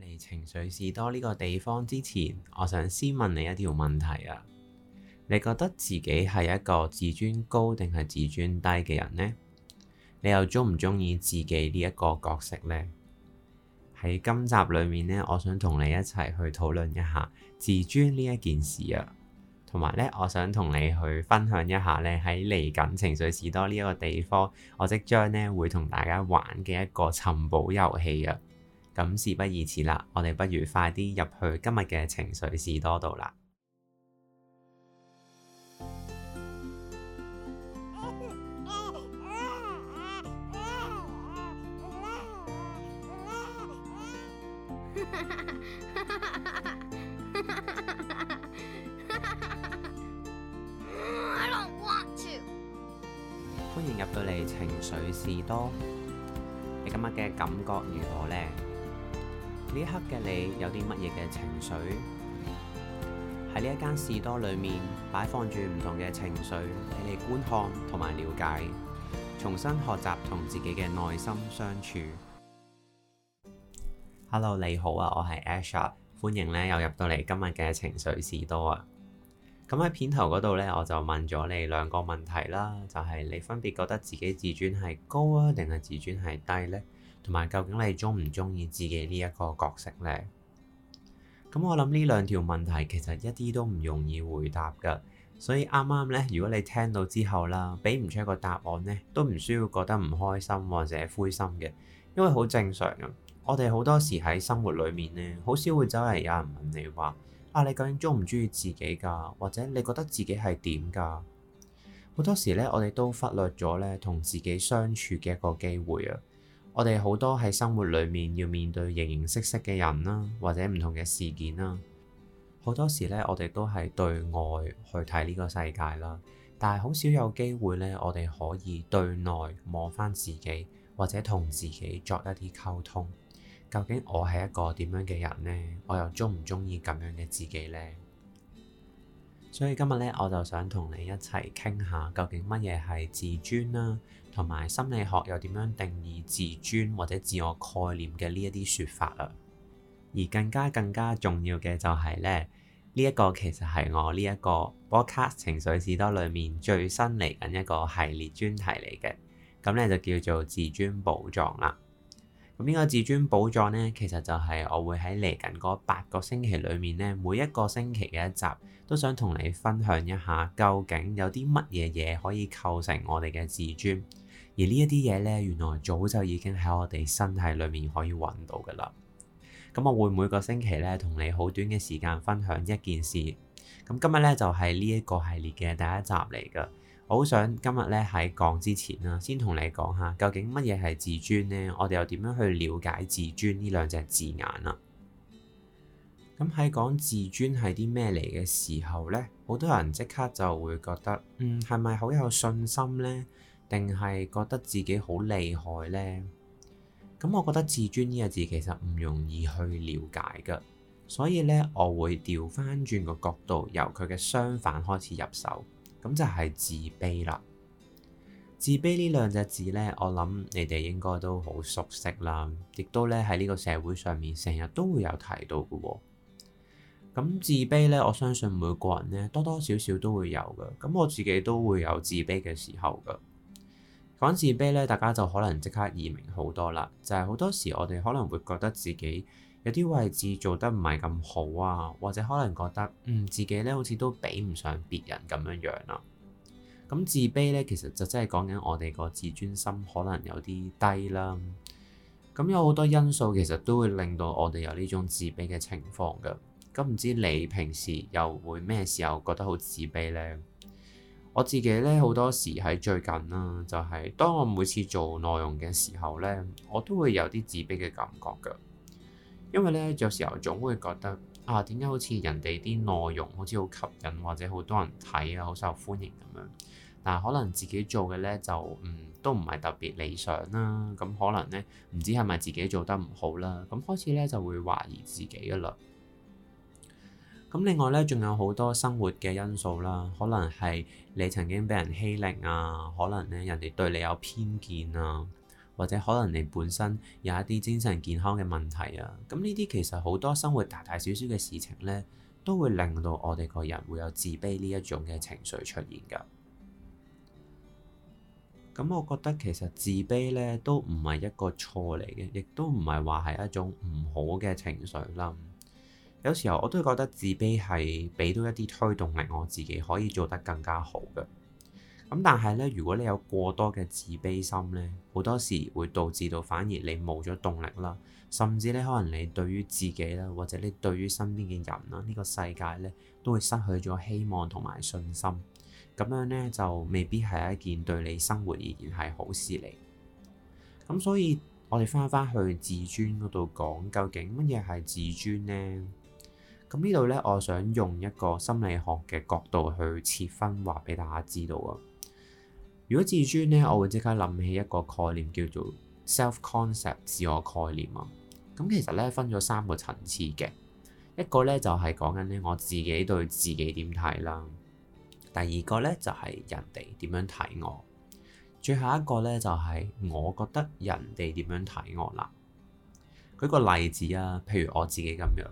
嚟情緒士多呢個地方之前，我想先問你一條問題啊，你覺得自己係一個自尊高定係自尊低嘅人呢？你又鍾唔鍾意自己呢一個角色呢？喺今集裏面呢，我想同你一齊去討論一下自尊呢一件事啊，同埋呢，我想同你去分享一下呢，喺嚟緊情緒士多呢一個地方，我即將呢會同大家玩嘅一個尋寶遊戲啊！咁事不宜遲啦，我哋不如快啲入去今日嘅情緒士多度啦！歡迎入到嚟情緒士多，你今日嘅感覺如何呢？呢刻嘅你有啲乜嘢嘅情緒？喺呢一間士多裏面擺放住唔同嘅情緒，俾你觀看同埋了解，重新學習同自己嘅內心相處。Hello，你好啊，我係 ASH，歡迎咧又入到嚟今日嘅情緒士多啊。咁喺片頭嗰度呢，我就問咗你兩個問題啦，就係你分別覺得自己自尊係高啊，定係自尊係低呢？同埋，究竟你鍾唔鍾意自己呢一個角色呢？咁我諗呢兩條問題其實一啲都唔容易回答噶，所以啱啱呢，如果你聽到之後啦，俾唔出一個答案呢，都唔需要覺得唔開心或者灰心嘅，因為好正常嘅。我哋好多時喺生活裏面呢，好少會走嚟有人問你話啊，你究竟鍾唔鍾意自己噶，或者你覺得自己係點噶？好多時呢，我哋都忽略咗呢同自己相處嘅一個機會啊。我哋好多喺生活裏面要面對形形色色嘅人啦，或者唔同嘅事件啦，好多時咧我哋都係對外去睇呢個世界啦，但係好少有機會咧，我哋可以對內望翻自己，或者同自己作一啲溝通。究竟我係一個點樣嘅人呢？我又中唔中意咁樣嘅自己呢？所以今日咧，我就想同你一齊傾下，究竟乜嘢係自尊啦，啊。同埋心理學又點樣定義自尊或者自我概念嘅呢一啲說法啊？而更加更加重要嘅就係咧，呢一個其實係我呢一個 Podcast 情緒士多裏面最新嚟緊一個系列專題嚟嘅。咁咧就叫做自尊寶藏啦。咁呢個自尊寶藏呢，其實就係我會喺嚟緊嗰八個星期裏面呢，每一個星期嘅一集都想同你分享一下，究竟有啲乜嘢嘢可以構成我哋嘅自尊。而呢一啲嘢咧，原來早就已經喺我哋身體裏面可以揾到噶啦。咁我會每個星期咧，同你好短嘅時間分享一件事。咁今日咧就係呢一個系列嘅第一集嚟噶。我好想今日咧喺講之前啊，先同你講下究竟乜嘢係自尊呢，我哋又點樣去了解自尊呢兩隻字眼啊？咁喺講自尊係啲咩嚟嘅時候咧，好多人即刻就會覺得，嗯，係咪好有信心咧？定係覺得自己好厲害呢？咁我覺得自尊呢個字其實唔容易去了解㗎，所以呢，我會掉返轉個角度，由佢嘅相反開始入手，咁就係自卑啦。自卑呢兩隻字呢，我諗你哋應該都好熟悉啦，亦都呢喺呢個社會上面成日都會有提到㗎喎。咁自卑呢，我相信每個人呢，多多少少都會有㗎，咁我自己都會有自卑嘅時候㗎。講自卑咧，大家就可能即刻耳聞好多啦。就係、是、好多時，我哋可能會覺得自己有啲位置做得唔係咁好啊，或者可能覺得嗯自己咧好似都比唔上別人咁樣樣、啊、啦。咁自卑咧，其實就真係講緊我哋個自尊心可能有啲低啦。咁有好多因素其實都會令到我哋有呢種自卑嘅情況㗎。咁唔知你平時又會咩時候覺得好自卑咧？我自己咧好多時喺最近啦、啊，就係、是、當我每次做內容嘅時候咧，我都會有啲自卑嘅感覺㗎，因為咧有時候總會覺得啊，點解好似人哋啲內容好似好吸引或者好多人睇啊，好受歡迎咁樣，但係可能自己做嘅咧就嗯都唔係特別理想啦、啊，咁可能咧唔知係咪自己做得唔好啦，咁開始咧就會懷疑自己啦。咁另外咧，仲有好多生活嘅因素啦，可能係你曾經俾人欺凌啊，可能咧人哋對你有偏見啊，或者可能你本身有一啲精神健康嘅問題啊。咁呢啲其實好多生活大大小小嘅事情咧，都會令到我哋個人會有自卑呢一種嘅情緒出現噶。咁我覺得其實自卑咧都唔係一個錯嚟嘅，亦都唔係話係一種唔好嘅情緒啦。有時候我都覺得自卑係俾到一啲推動力，我自己可以做得更加好嘅。咁但係咧，如果你有過多嘅自卑心咧，好多時會導致到反而你冇咗動力啦，甚至咧可能你對於自己啦，或者你對於身邊嘅人啦，呢個世界咧，都會失去咗希望同埋信心。咁樣咧就未必係一件對你生活而言係好事嚟。咁所以我哋翻返去自尊嗰度講，究竟乜嘢係自尊咧？咁呢度咧，我想用一個心理學嘅角度去切分，話俾大家知道啊。如果自尊咧，嗯、我會即刻諗起一個概念叫做 self concept，自我概念啊。咁其實咧分咗三個層次嘅，一個咧就係講緊咧我自己對自己點睇啦。第二個咧就係、是、人哋點樣睇我，最後一個咧就係、是、我覺得人哋點樣睇我啦。舉個例子啊，譬如我自己咁樣。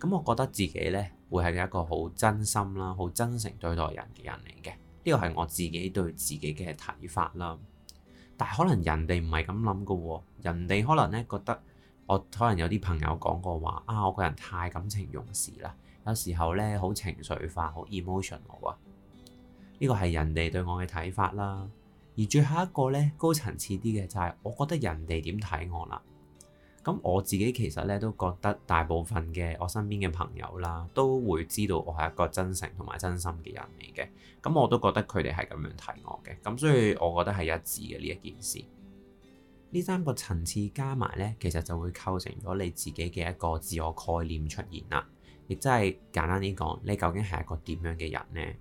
咁我覺得自己呢，會係一個好真心啦、好真誠對待人嘅人嚟嘅，呢個係我自己對自己嘅睇法啦。但係可能人哋唔係咁諗噶喎，人哋可能呢，覺得我可能有啲朋友講過話啊，我個人太感情用事啦，有時候呢，好情緒化、好 emotional 啊。」呢個係人哋對我嘅睇法啦。而最後一個呢，高層次啲嘅就係、是，我覺得人哋點睇我啦？咁我自己其實咧都覺得大部分嘅我身邊嘅朋友啦，都會知道我係一個真誠同埋真心嘅人嚟嘅。咁我都覺得佢哋係咁樣睇我嘅。咁所以我覺得係一致嘅呢一件事。呢三個層次加埋咧，其實就會構成咗你自己嘅一個自我概念出現啦。亦即係簡單啲講，你究竟係一個點樣嘅人呢？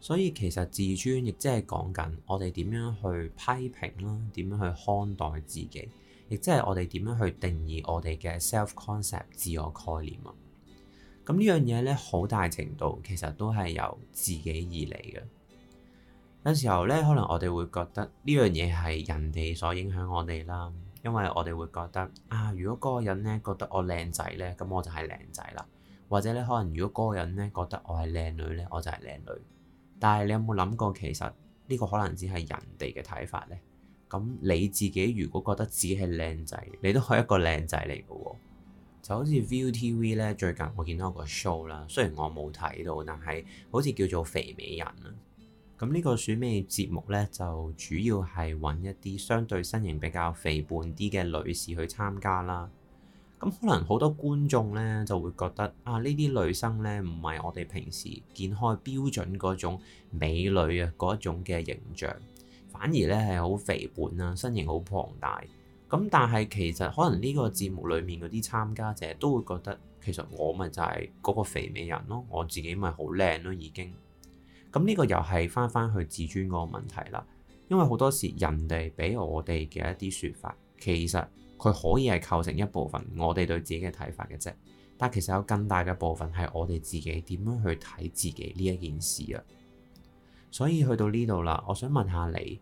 所以其實自尊亦即係講緊我哋點樣去批評啦，點樣去看待自己。即係我哋點樣去定義我哋嘅 self concept 自我概念啊？咁呢樣嘢咧，好大程度其實都係由自己而嚟嘅。有時候咧，可能我哋會覺得呢樣嘢係人哋所影響我哋啦，因為我哋會覺得啊，如果嗰個人咧覺得我靚仔咧，咁我就係靚仔啦；或者咧，可能如果嗰個人咧覺得我係靚女咧，我就係靚女。但係你有冇諗過，其實呢個可能只係人哋嘅睇法咧？咁你自己如果覺得自己係靚仔，你都係一個靚仔嚟嘅喎，就好似 ViuTV 咧，最近我見到一個 show 啦，雖然我冇睇到，但係好似叫做《肥美人》啊。咁呢個選美節目咧，就主要係揾一啲相對身形比較肥胖啲嘅女士去參加啦。咁可能好多觀眾呢，就會覺得啊，呢啲女生呢，唔係我哋平時見開標準嗰種美女啊，嗰種嘅形象。反而咧係好肥本啊，身形好龐大。咁但係其實可能呢個節目裡面嗰啲參加者都會覺得，其實我咪就係嗰個肥美人咯，我自己咪好靚咯已經。咁、這、呢個又係翻翻去自尊嗰個問題啦。因為好多時人哋俾我哋嘅一啲說法，其實佢可以係構成一部分我哋對自己嘅睇法嘅啫。但其實有更大嘅部分係我哋自己點樣去睇自己呢一件事啊。所以去到呢度啦，我想問下你，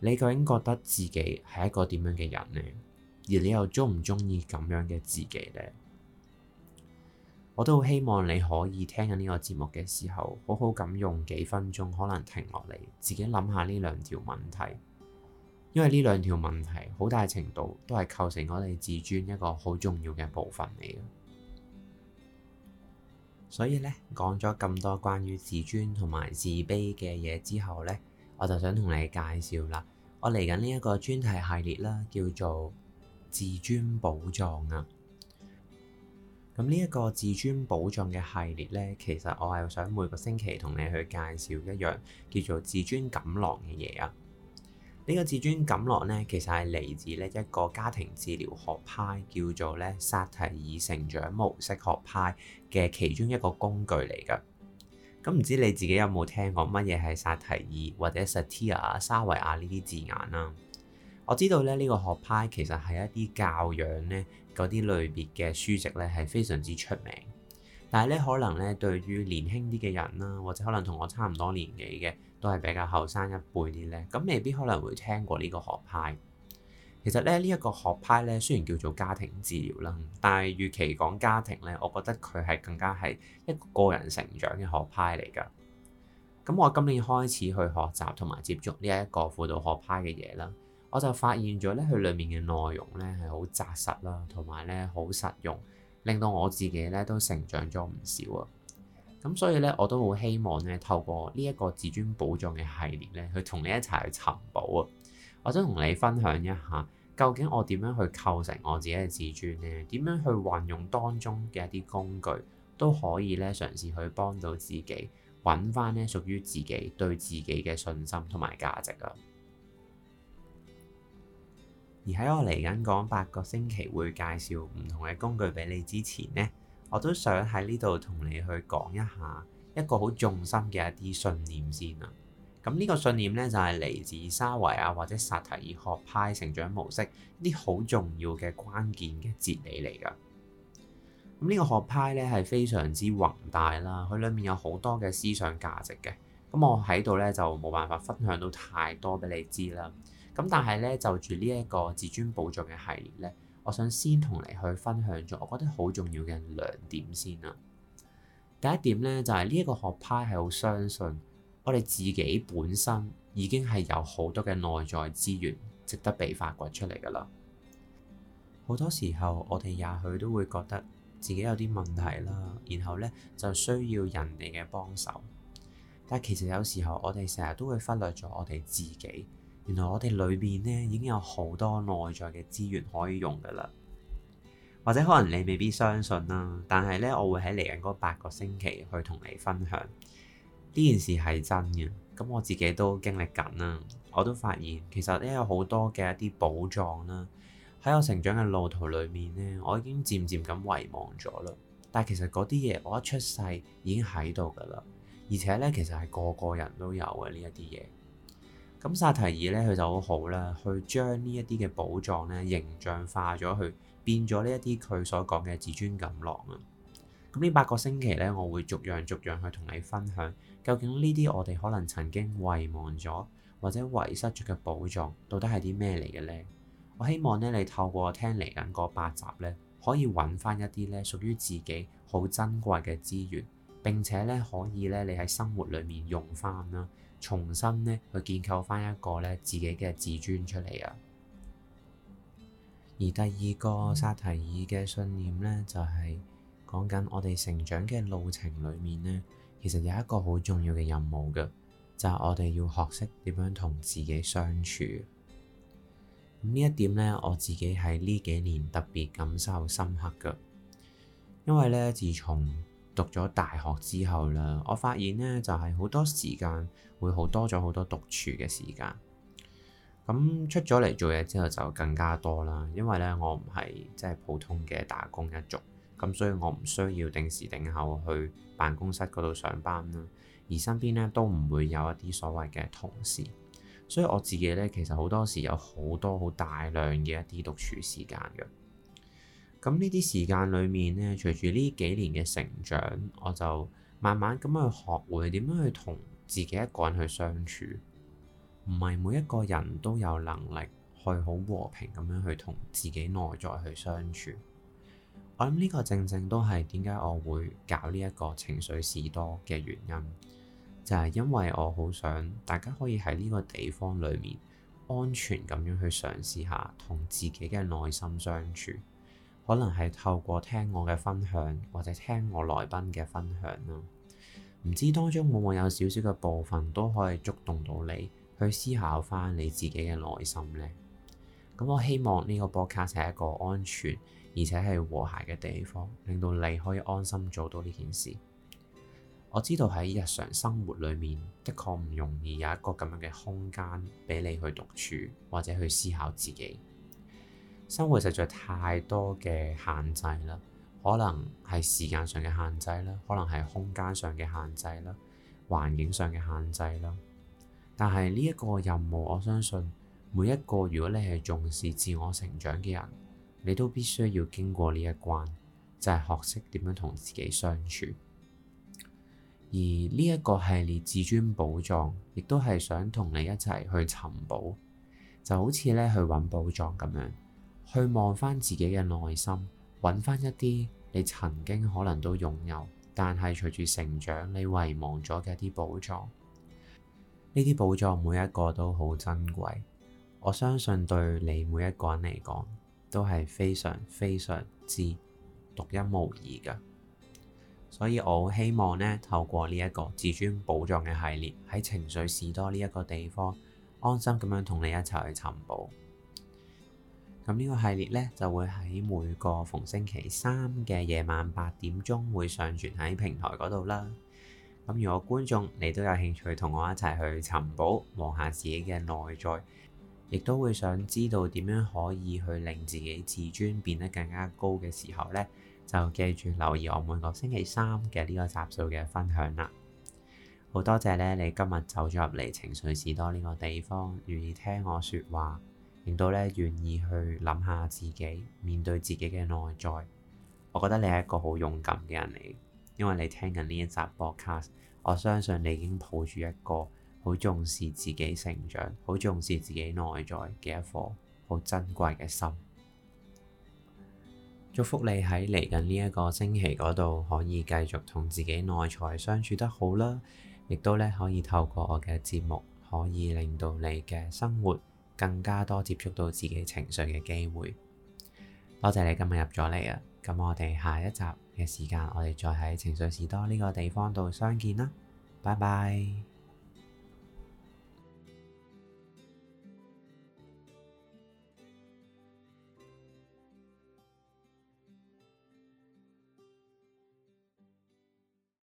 你究竟覺得自己係一個點樣嘅人呢？而你又鍾唔鍾意咁樣嘅自己呢？我都好希望你可以聽緊呢個節目嘅時候，好好咁用幾分鐘，可能停落嚟，自己諗下呢兩條問題，因為呢兩條問題好大程度都係構成我哋自尊一個好重要嘅部分嚟嘅。所以呢，講咗咁多關於自尊同埋自卑嘅嘢之後呢，我就想同你介紹啦。我嚟緊呢一個專題系列啦，叫做《自尊寶藏》啊。咁呢一個自尊寶藏嘅系列呢，其實我係想每個星期同你去介紹一樣叫做自尊錦囊嘅嘢啊。呢個自尊感落咧，其實係嚟自咧一個家庭治療學派，叫做咧薩提爾成長模式學派嘅其中一個工具嚟㗎。咁唔知你自己有冇聽過乜嘢係薩提爾或者 Sartia、沙維亞呢啲字眼啦？我知道咧，呢個學派其實係一啲教養咧嗰啲類別嘅書籍咧係非常之出名，但係咧可能咧對於年輕啲嘅人啦，或者可能同我差唔多年紀嘅。都係比較後生一輩啲呢，咁未必可能會聽過呢個學派。其實咧，呢一個學派呢，雖然叫做家庭治療啦，但係與其講家庭呢，我覺得佢係更加係一個人成長嘅學派嚟噶。咁我今年開始去學習同埋接觸呢一個輔導學派嘅嘢啦，我就發現咗呢佢裡面嘅內容呢係好紮實啦，同埋呢好實用，令到我自己呢都成長咗唔少啊！咁所以咧，我都好希望咧，透過呢一個自尊寶藏嘅系列咧，去同你一齊去尋寶啊！我想同你分享一下，究竟我點樣去構成我自己嘅自尊咧？點樣去運用當中嘅一啲工具，都可以咧嘗試去幫到自己，揾返咧屬於自己對自己嘅信心同埋價值啊！而喺我嚟緊講八個星期會介紹唔同嘅工具俾你之前咧。我都想喺呢度同你去講一下一個好重心嘅一啲信念先啊。咁呢個信念呢，就係嚟自沙維亞或者薩提爾學派成長模式一啲好重要嘅關鍵嘅哲理嚟噶。咁呢個學派呢，係非常之宏大啦，佢裏面有好多嘅思想價值嘅。咁我喺度呢，就冇辦法分享到太多俾你知啦。咁但係呢，就住呢一個「自尊寶藏」嘅系列呢。我想先同你去分享咗，我覺得好重要嘅兩點先啦。第一點咧，就係呢一個學派係好相信我哋自己本身已經係有好多嘅內在資源，值得被發掘出嚟噶啦。好多時候，我哋也許都會覺得自己有啲問題啦，然後咧就需要人哋嘅幫手。但其實有時候，我哋成日都會忽略咗我哋自己。原來我哋裏面咧已經有好多內在嘅資源可以用㗎啦，或者可能你未必相信啦，但係呢，我會喺嚟緊嗰八個星期去同你分享呢件事係真嘅。咁我自己都經歷緊啦，我都發現其實呢，有好多嘅一啲寶藏啦，喺我成長嘅路途裏面呢，我已經漸漸咁遺忘咗啦。但係其實嗰啲嘢我一出世已經喺度㗎啦，而且呢，其實係個個人都有嘅呢一啲嘢。咁薩提爾咧，佢就好好啦，去將呢一啲嘅寶藏咧形象化咗，去變咗呢一啲佢所講嘅自尊錦囊。啊。咁呢八個星期咧，我會逐樣逐樣去同你分享，究竟呢啲我哋可能曾經遺忘咗或者遺失咗嘅寶藏，到底係啲咩嚟嘅咧？我希望咧你透過聽嚟緊嗰八集咧，可以揾翻一啲咧屬於自己好珍貴嘅資源。並且咧可以咧，你喺生活裏面用翻啦，重新咧去建構翻一個咧自己嘅自尊出嚟啊。而第二個薩提爾嘅信念咧，就係講緊我哋成長嘅路程裏面咧，其實有一個好重要嘅任務嘅，就係我哋要學識點樣同自己相處。呢一點咧，我自己喺呢幾年特別感受深刻嘅，因為咧，自從讀咗大學之後呢，我發現呢就係好多時間會好多咗好多獨處嘅時間。咁出咗嚟做嘢之後就更加多啦，因為呢我唔係即係普通嘅打工一族，咁所以我唔需要定時定候去辦公室嗰度上班啦，而身邊呢都唔會有一啲所謂嘅同事，所以我自己呢，其實好多時有好多好大量嘅一啲獨處時間嘅。咁呢啲時間裏面呢，隨住呢幾年嘅成長，我就慢慢咁去學會點樣去同自己一個人去相處。唔係每一個人都有能力去好和平咁樣去同自己內在去相處。我諗呢個正正都係點解我會搞呢一個情緒士多嘅原因，就係因為我好想大家可以喺呢個地方裏面安全咁樣去嘗試下同自己嘅內心相處。可能係透過聽我嘅分享，或者聽我來賓嘅分享啦。唔知當中會唔會有少少嘅部分都可以觸動到你，去思考翻你自己嘅內心呢？咁我希望呢個播卡係一個安全而且係和諧嘅地方，令到你可以安心做到呢件事。我知道喺日常生活裏面，的確唔容易有一個咁樣嘅空間俾你去獨處或者去思考自己。生活實在太多嘅限制啦，可能係時間上嘅限制啦，可能係空間上嘅限制啦，環境上嘅限制啦。但係呢一個任務，我相信每一個如果你係重視自我成長嘅人，你都必須要經過呢一關，就係、是、學識點樣同自己相處。而呢一個系列自尊寶藏，亦都係想同你一齊去尋寶，就好似咧去揾寶藏咁樣。去望翻自己嘅內心，揾翻一啲你曾經可能都擁有，但係隨住成長你遺忘咗嘅一啲寶藏。呢啲寶藏每一個都好珍貴，我相信對你每一個人嚟講都係非常非常之獨一無二嘅。所以我好希望呢透過呢一個自尊寶藏嘅系列，喺情緒士多呢一個地方，安心咁樣同你一齊去尋寶。咁呢個系列呢，就會喺每個逢星期三嘅夜晚八點鐘會上傳喺平台嗰度啦。咁如果觀眾你都有興趣同我一齊去尋寶，望下自己嘅內在，亦都會想知道點樣可以去令自己自尊變得更加高嘅時候呢，就記住留意我每個星期三嘅呢個集數嘅分享啦。好多謝呢，你今日走咗入嚟情緒士多呢個地方，願意聽我說話。令到咧願意去諗下自己，面對自己嘅內在，我覺得你係一個好勇敢嘅人嚟，因為你聽緊呢一集播客，我相信你已經抱住一個好重視自己成長、好重視自己內在嘅一顆好珍貴嘅心。祝福你喺嚟緊呢一個星期嗰度可以繼續同自己內在相處得好啦，亦都咧可以透過我嘅節目可以令到你嘅生活更加多接觸到自己情緒嘅機會。多謝你今日入咗嚟啊！咁我哋下一集嘅時間，我哋再喺情緒士多呢個地方度相見啦。拜拜。